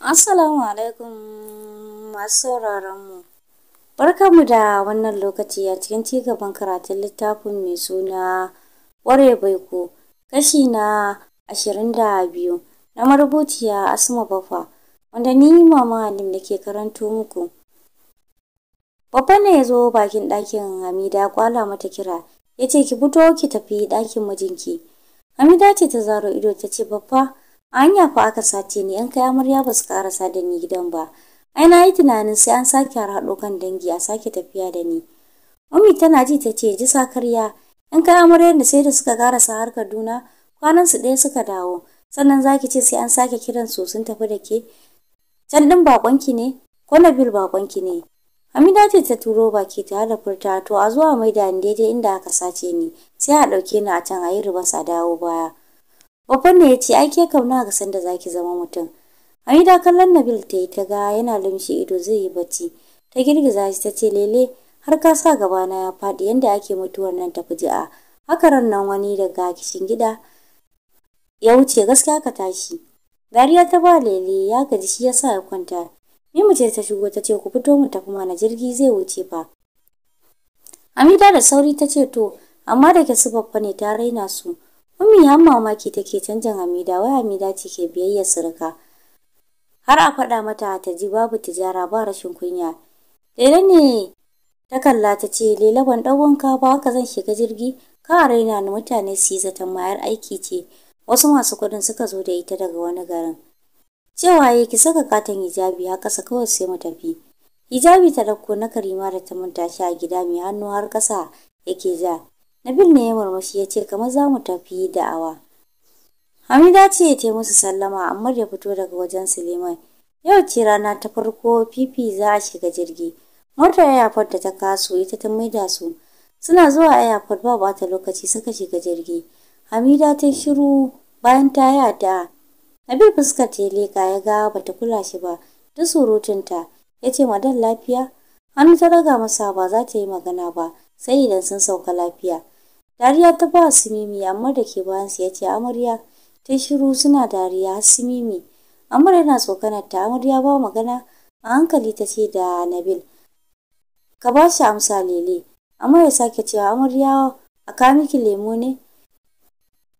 Assalamu alaikum masu sauraron mu. Barkanmu da wannan lokaci a cikin cigaban karatun littafin mai suna Ware Baiko, kashi na ashirin da biyu, na marubuciya Asma Bafa, wanda ni Mama Alim ke karanto muku. Bafa ne ya zo bakin ɗakin Hamida kwala mata kira, ya ce ki fito ki tafi ɗakin mijinki. Hamida ce ta zaro ido ta ce bafa. anya fa aka sace ni yan kai amarya ba su karasa da ni gidan ba ai na yi tunanin sai an sake haɗo kan dangi a sake tafiya da ni ummi tana ji ta ce ji sakarya yan kai amaryar da sai da suka karasa har kaduna kwanan su ɗaya suka dawo sannan zaki ce sai an sake kiran su sun tafi da ke can ɗin bakonki ne ko na nabil bakonki ne Hamida ce ta turo baki ta da furta to a zuwa mai da daidai inda aka sace ni sai a ɗauke ni a can a yi rubasa a dawo baya. babban ne ya ce ai ke kauna ga sanda zaki zama mutum hamida kallon nabil ta yi ta ga yana lumshe ido zai yi bacci ta girgiza shi ta ce lele har ka sa gaba na ya faɗi yanda ake mutuwar nan ta fuji a hakaran nan wani daga kishin gida ya wuce gaskiya ka tashi dariya ta ba lele ya gaji shi ya sa ya kwanta mu ce ta shigo ta ce ku fito mu tafi mana jirgi zai wuce fa hamida da sauri ta ce to amma da ke su babba ne ta raina su Ummi har mamaki take canjin Hamida, wai Hamida ce ke biyayya surka. Har a faɗa mata ta ji babu tijara ba rashin kunya. Lele ne ta kalla ta ce Lele ban ɗan wanka ba haka zan shiga jirgi ka raina ni mutane su yi zaton mayar aiki ce. Wasu masu kuɗin suka zo da ita daga wani garin. Cewa ya ki saka katon hijabi har ƙasa kawai sai mu tafi. Hijabi ta ɗauko na Karima da ta manta shi a gida mai hannu har ƙasa yake ja. Nabil ne ya murmushi ya ce kamar za mu tafi da'awa. Hamida ce ya ta musu sallama amma ya fito daga wajen Suleiman. Yau ce rana ta farko Fifi za a shiga jirgi. Motar airport da ta kaso ita ta da su. Suna zuwa airport ba ta lokaci suka shiga jirgi. Hamida ta shiru bayan ta yi addu'a. Nabil fuskar ta leka ya ga ta kula shi ba. Duk ta, ya ce madan lafiya. Hannu ta raga masa ba za ta yi magana ba sai idan sun sauka lafiya. Dariya ta ba Simimi amma da ke bayansa ya ce amarya ta shiru suna dariya Simimi. Amma yana tsokanar ta amarya ba magana a hankali ta ce da Nabil. Ka ba shi amsa lele. Amma ya sake cewa amarya a ka miki lemo ne.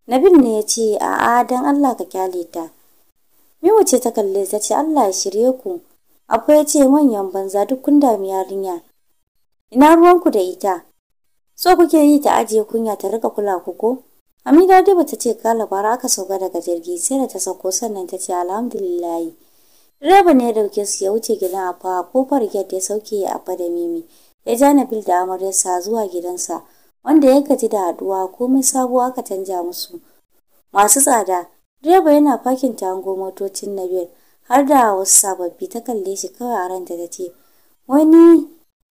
Nabil ne ya ce a, a'a dan Allah ka kyale ta. Mimu ce ta kalle ta ce Allah ya shirye ku. Akwai ya ce manyan banza duk kun dami yarinya. Ina ruwanku da ita. so kuke yi ta ajiye kunya ta rika kula ku ko Hamida dai bata ce kala bara aka sauka daga jirgi sai da ta sauko sannan ta ce alhamdulillah Direba ne ya dauke su ya wuce gidan afa ko gate ya sauke ya afa da mimi ya ja Nabil da sa zuwa gidansa wanda ya gaji da haduwa komai sabo aka canja musu masu tsada direba yana fakin tango motocin Nabil har da wasu sababbi ta kalle shi kawai a ranta ta ce wani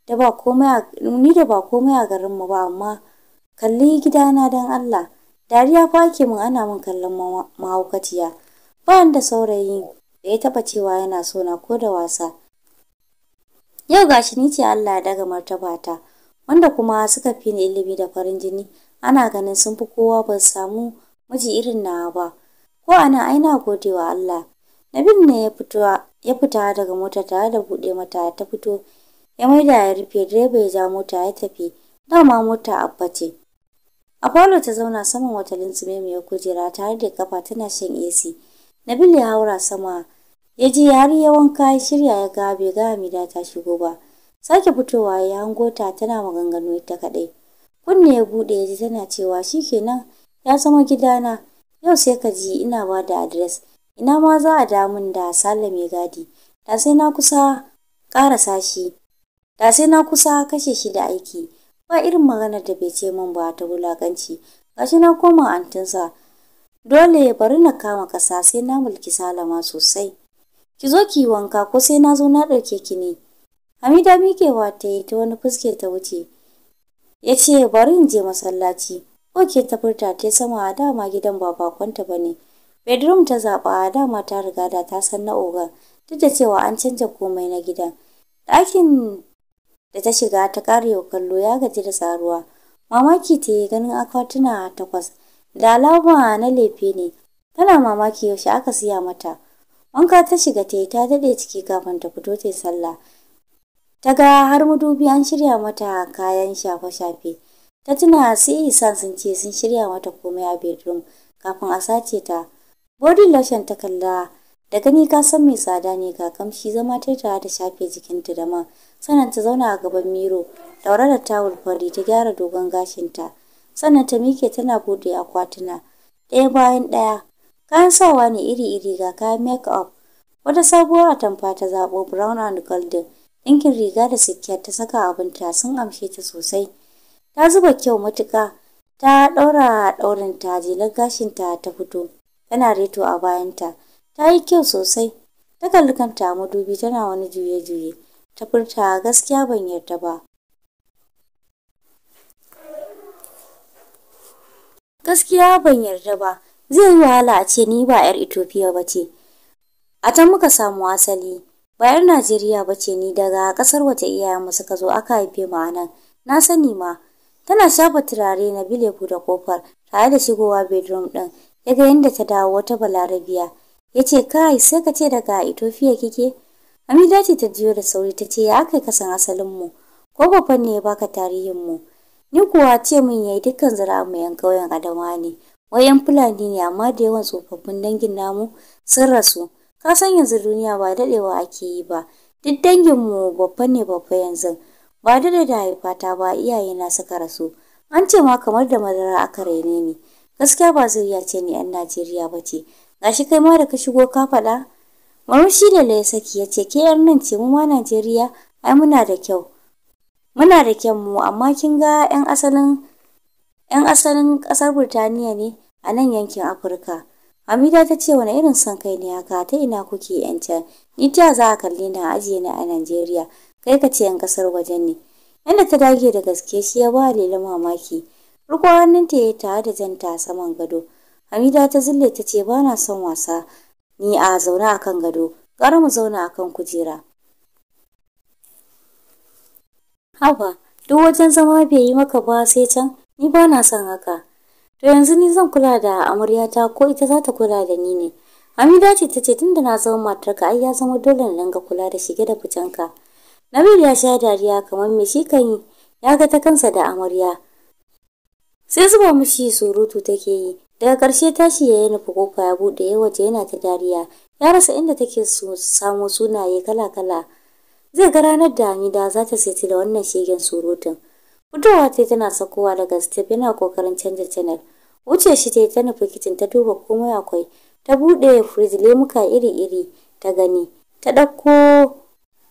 da ba komai ni da ba komai a garin mu ba amma kalli gidana dan Allah dariya fa ke mun ana mun kallon mahaukaciya ba da saurayi da ya taba cewa yana so na ko da wasa yau gashi ni ce Allah ya daga ta. wanda kuma suka fi ni ilimi da farin jini ana ganin sun fi kowa ba samu miji irin nawa ba ko ana aina godewa Allah nabin ne ya fita daga mota tare da buɗe mata ta fito ya mai da ya rufe direba ya ja mota ya tafi dama mota abba ce apollo ta zauna saman wata ya kujera tare da kafa tana shan ac nabil ya haura sama ya ji har ya wanka ya shirya ya ga bai ga hamida ta shigo ba sake fitowa ya hango ta tana maganganu ita kaɗai kunne ya buɗe ya ji tana cewa shi shikenan ya zama gidana yau sai ka ji ina ba da adres ina ma za a damun da sale mai gadi da sai na kusa ƙara sashi. da sai na kusa kashe shi da aiki ba irin maganar da bai ce min ba ta wulakanci gashi na koma antinsa dole bari na kama kasa sai na mulki salama sosai ki zo ki wanka ko sai na zo na ɗauke ki ne hamida miƙewa ta yi ta wani fuske ta wuce ya ce bari in je masallaci ke ta furta ta sama a dama gidan ba bakonta ba ne bedroom ta zaɓa a dama ta riga da ta san na oga duk da cewa an canja komai na gidan ɗakin da ta shiga ta karewa kallo ya gaji da tsaruwa mamaki ta yi ganin akwatuna takwas da alama na lefe ne tana mamaki yaushe aka siya mata wanka ta shiga ta yi ta daɗe ciki kafin ta fito ta sallah ta ga har madubi an shirya mata kayan shafe-shafe ta tuna sai isan sun ce sun shirya mata komai a bedroom kafin a sace ta body lotion ta kalla da gani ka san mai tsada ne ga kamshi zama ta da shafe jikinta da man sannan ta zauna a gaban miro daure da tawul fari ta gyara dogon gashinta sannan ta mike tana bude akwatuna ɗaya bayan ɗaya kayan sawa ne iri-iri ga kayan make up wata sabuwar atamfa ta zaɓo brown and golden ɗinkin riga da sikiyar ta saka abin ta sun amshe ta sosai ta zuba kyau matuka. ta ɗaura ɗaurin ta jelar gashinta ta fito tana reto a bayanta ta yi kyau sosai ta kalli kanta a madubi tana wani juye-juye ta furta gaskiya ban yarda ba gaskiya ban yarda ba zai yi wahala a ce ni ba 'yar Ethiopia ba ce a can muka samu asali ba 'yar Najeriya ba ce ni daga kasar wace mu suka zo aka haife mu a na sani ma tana shafa turare na bile da kofar tare da shigowa bedroom ɗin, daga yadda ta dawo wata balarabiya ya ce kai sai ka ce daga Ethiopia kike Amina ce ta jiyo da sauri ta ce ya kai kasan asalin mu ko babban ne ya baka tarihin mu ni kuwa ce min yayi dukkan zira mu yan kauyen Adamawa ne wayan Fulani ne amma da yawan tsofaffin dangin namu sun rasu ka san yanzu duniya ba dadewa ake yi ba duk dangin mu babba ne babba yanzu ba da da haifata ba iyaye na suka rasu an ce ma kamar da madara aka raine ni gaskiya ba zuriya ce ni yan Najeriya ba ce gashi kai ma da ka shigo ka faɗa shi da ya saki ya ce ke yar nan ce mu ma Najeriya ai muna da kyau. Muna da kyan mu amma kin ga 'yan asalin 'yan asalin ƙasar Burtaniya ne a nan yankin Afirka. Hamida ta ce wani irin son kai ne haka ta ina kuke 'yan can. Ni ta za a ni, na ajiye na a Najeriya kai ka ce 'yan ƙasar wajen ne. Yanda ta dage da gaske shi ya ba Lila mamaki. Riko hannunta ya tare da janta saman gado. Hamida ta zille ta ce ba na son wasa. ni a zaune a kan gado gara mu zauna a kan kujera haba duk wajen zama bai yi maka ba sai can ni ba na son haka to yanzu ni zan kula da amaryata ko ita za ta kula da ni ne Hamida ce ta ce tunda na zama matarka ai ya zama dole na dinga kula da shige da ficenka. Nabil ya sha dariya kamar me shi kan yi ya ga ta kansa da amarya. Sai zuba mishi surutu take yi daga ƙarshe tashi ya yi nufi kofa ya buɗe ya waje yana ta dariya ya rasa inda take so samo sunaye kala-kala zai ga ranar da hamida za ta saiti da wannan shegen surutun fitowa ta tana sakowa daga step yana kokarin canja channel wuce shi ta ta nufi kicin ta duba komai akwai ta buɗe firij lemuka iri-iri ta gani ta ɗauko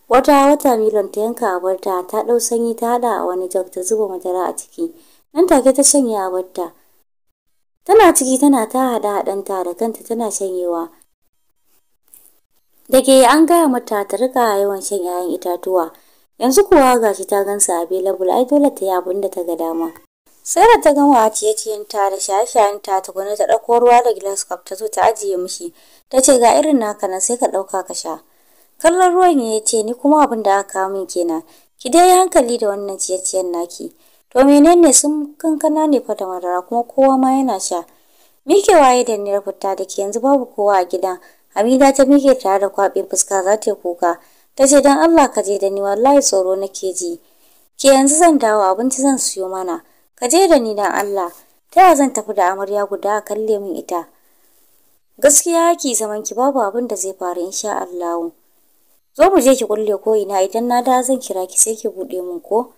wata wata milon ta yanka a barta ta ɗau sanyi ta haɗa a wani jog ta zuba madara a ciki nan take ta shanya a barta tana ciki tana ta haɗa-haɗanta da kanta tana shanyewa da an gaya mata ta rika yawan shan 'ya'yan itatuwa yanzu kuwa gashi ta gansa available ai dole ta yi abinda ta ga dama sai da ta gama a ciye ciyen ta da shaye-shayenta ta gwani ta ɗauko ruwa da glass cup ta zo ta ajiye mishi ta ce ga irin naka nan sai ka ɗauka ka sha kallon ruwan ya ce ni kuma abin da aka min kenan ki dai hankali da wannan ciye-ciyen naki to menene sun kankana ne fa da madara kuma kowa ma yana sha mike waye da ni rafuta da ke yanzu babu kowa a gidan hamida ta mike tare da kwaɓe fuska za ta kuka ta ce don allah ka je da ni wallahi tsoro nake ji ke yanzu zan dawo abinci zan siyo mana ka je da ni don allah ta yaya zan tafi da amarya guda a kalle min ita gaskiya ki zaman ki babu abin da zai faru insha Allah zo mu je ki kulle ko ina idan na da zan kira ki sai ki bude mun ko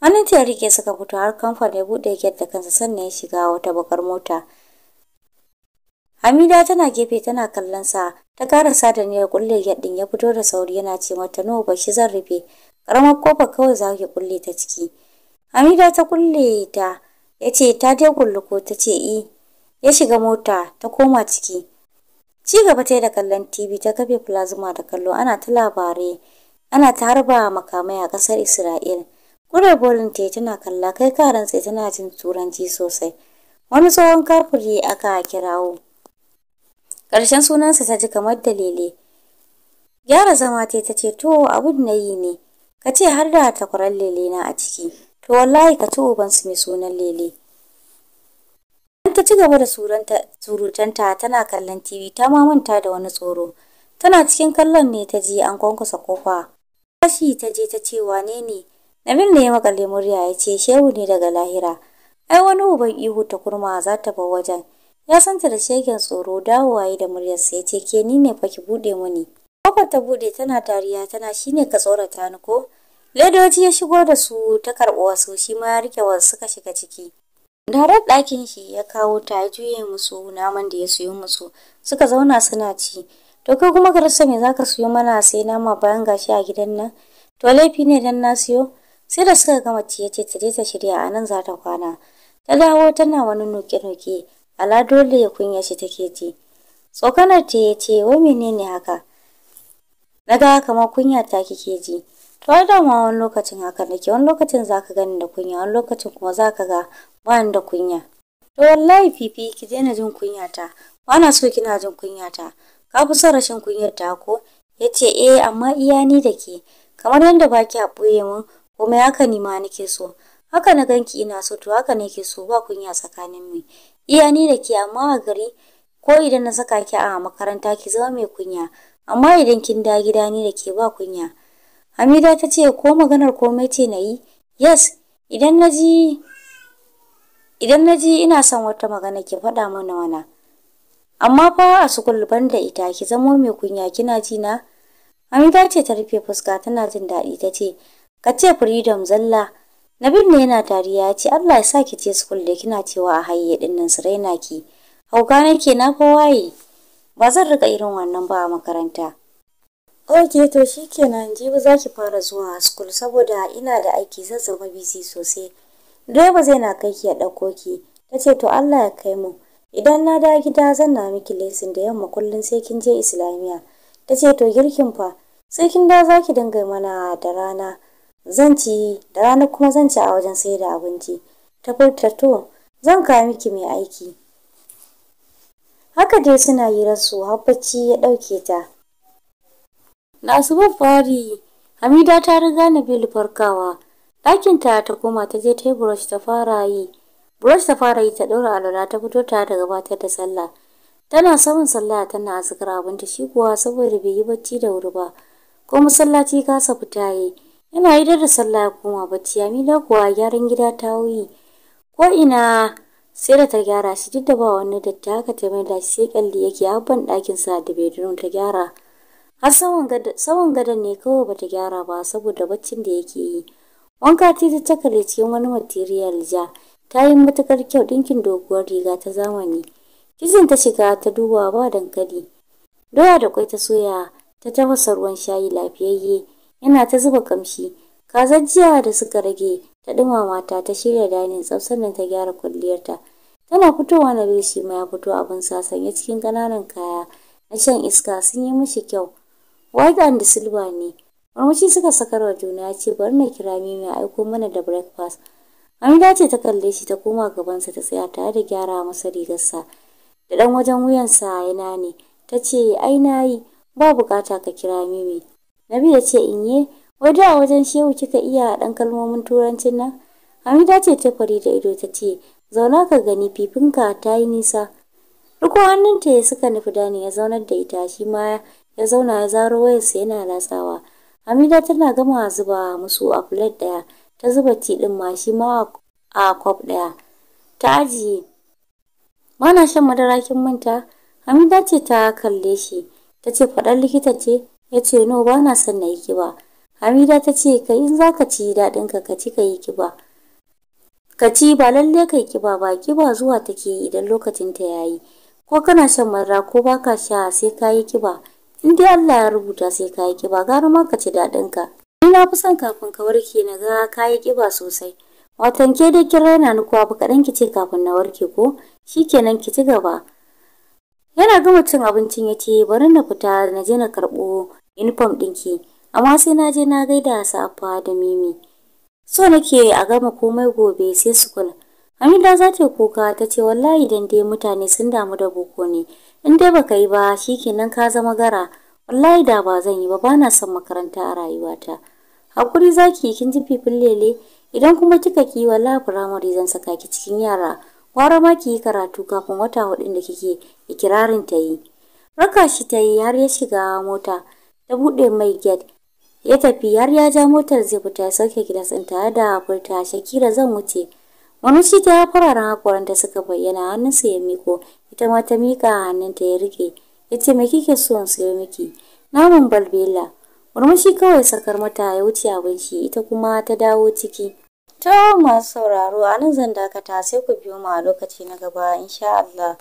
hannun ya rike suka fito har kamfan ya bude gate da kansa sannan ya shiga wata bakar mota Hamida tana gefe tana kallon sa ta karasa da niyyar kulle gate din ya fito da sauri yana ce mata no shi zan rufe karamar kofa kawai za ki kulle ta ciki Hamida ta kulle ta yace ta da kulluko ta ce i e. ya shiga mota ta koma ciki ci gaba ta da kallon TV ta kafe plasma da kallo ana ta labarai ana ta harba makamai a kasar Isra'il Kurar bolin ta tana kalla kai ka rantse tana jin turanci sosai. Wani tsohon kafuri aka kirawo. Ƙarshen sunansa ta ji kamar lele. Gyara zama ta ta ce to abu na yi ne. Ka ce har da takwarar lele na a ciki. To wallahi ka ci uban su mai sunan lele. ta ci gaba da surutanta tana kallon TV ta ma manta da wani tsoro. Tana cikin kallon ne ta ji an kwankwasa kofa. Tashi ta je ta ce wane ne? Amin ne ya makale murya ya ce shehu ne daga lahira. Ai wani uban ihu ta kurma za ta bar wajen. Ya san ta da shegen tsoro dawowa yi da muryarsa ya ce ke ni ne fa ki buɗe muni. Kofar ta buɗe tana dariya tana shine ka tsorata ni ko? Ledoji ya shigo da su ta karɓi wasu shi ma ya rike wasu suka shiga ciki. da Darar ɗakin shi ya kawo ta ya juye musu naman da ya siyo musu suka zauna suna ci. To kai kuma ka rasa me zaka siyo mana sai nama bayan gashi a gidan nan? To laifi ne dan na siyo? sai da suka gama ciye ce ta shirya a nan za ta kwana ta dawo tana wani noke-noke ala dole ya kunya shi take ji tsokanar ta ya ce wai menene haka na ga kamar kunya ta kike ji to ai dama wani lokacin haka nake wani lokacin za ka gani da kunya wani lokacin kuma za ka ga ba da kunya to wallahi fifi ki daina jin kunya ta ba na so kina jin kunya ta ka fi son rashin kunyar ta ko ya ce eh amma iya ni da ke kamar yadda ba ki a ɓoye mun kuma haka ni ma nake so haka na ganki ina so to haka nake so ba kunya tsakanin mu iya ni da ki amma a gari ko idan na saka ki a makaranta ki zama mai kunya amma idan kin da gida ni da ke ba kunya Hamida ta ce ko maganar komai ce na yi yes idan na ji idan na ina son wata magana ki faɗa mana wana amma fa a sukul da ita ki zamo mai kunya kina ji na Hamida ce ta rufe fuska tana jin daɗi ta ce ka ce freedom zalla Nabin ne yana dariya ya ce Allah ya sa ki school da kina cewa a hayye din nan su raina ki. Hauka nake na ko waye. Ba zan rika irin wannan ba a makaranta. Ok to shikenan jibi zaki fara zuwa school saboda ina da aiki zan zama busy sosai. Direba zai na kai ki ya ɗauko ki. Ta ce to Allah ya kai mu. Idan na da gida zan na miki lesson da yamma kullum sai kin je Islamiyya. Ta ce to girkin fa sai kin da zaki dinga mana da rana. zan ci da rana kuma zan ci a wajen sai da abinci ta furta to zan kawo miki mai aiki haka dai suna yi rasu, Habbaci ya ɗauke ta da asubar fari hamida ta riga na bilu farkawa ɗakinta ta koma ta je ta yi brush ta fara yi brush ta fara yi ta ɗora alwala ta fito ta da gabatar da sallah tana saman sallah tana azkar abinta shi kuwa saboda bai yi bacci da wuri ba ko masallaci kasa fita yi yana yi da sallah ya koma bacci Amina kuwa gyaran gida ta wuyi ko ina sai da ta gyara shi duk da ba wani datti haka ta mai da shi sai kalli yake a ban ɗakin sa da bedroom ta gyara har tsawon gadon ne kawai bata gyara ba saboda baccin da yake yi wanka ta ta cakale cikin wani material ja ta yi matukar kyau ɗinkin doguwar riga ta zamani kizin ta shiga ta duba ba dankali doya da kwai ta soya ta tafasa ruwan shayi lafiyayye yana ta zuba kamshi kazajjiya da suka rage ta dumama ta ta shirya dining tsaf ta gyara kwalliyarta tana fitowa na bil ma ya fito abin ya cikin ƙananan kaya na shan iska sun yi mishi kyau white and silver ne murmushi suka sakar wa juna ya ce bari na kira mimi a aiko mana da breakfast hamida ce ta kalle shi ta koma gabansa ta tsaya tare da gyara masa rigarsa da ɗan wajen wuyansa yana ne ta ce ai na yi ba bukata ka kira mimi nabi ya ce in yi, wai da wajen shehu kika iya ɗan kalmomin turancin nan? Hamida ce ta fari da ido ta ce, zauna ka gani fifinka ta yi nisa. Duk hannunta ya suka nufi dani ya zaunar da ita shi ma ya zauna ya zaro wayarsa yana latsawa. Hamida tana gama zuba musu a plate ɗaya, ta zuba ti ɗin ma shi ma a kwaf ɗaya. Ta ajiye. Bana shan madara kin manta? Hamida ce ta kalle shi, ta ce faɗar likita ce, yace ce no ba na son na yi kiba hamida ta ce kai in za ka ci daɗinka ka ci ka yi kiba ka ci ba lalle kai kiba ba kiba zuwa take yi idan lokacin ta yayi ko kana shan marra ko baka sha sai ka yi kiba in dai Allah ya rubuta sai ka yi kiba gara ma ka ci daɗinka ni na fi son kafin ka warke na ga ka yi kiba sosai watan ke da kira raina ni kuwa kaɗan ki ce kafin na warke ko shi shikenan ki ci gaba yana gama cin abincin ya ce bari na fita na je na karɓo uniform ɗinki amma sai na je na gaida safa da mimi so nake a gama komai gobe sai su kula hamida za ta kuka ta ce wallahi dan dai mutane sun damu da boko ne in dai baka yi ba shikenan ka zama gara wallahi da ba zan yi ba bana son makaranta a rayuwata hakuri zaki kin ji fifin lele idan kuma kika ki wallahi primary zan saka ki cikin yara gwara ma ki yi karatu kafin wata hudun da kike ikirarin ta yi raka shi ta yi har ya shiga mota ta buɗe mai gate ya tafi har ya ja motar zai fita ya sauke gida sun tare da furta shakira zan wuce shi ta ya fararen hakoran da suka bayyana hannun hannunsa ya miko ita ma ta miƙa hannunta ya rike ya ce me kike so in sayo miki namun balbela murmushi kawai sakar mata ya wuce abin shi ita kuma ta dawo ciki ta masu sauraro a nan zan dakata sai ku biyo mu a lokaci na gaba insha Allah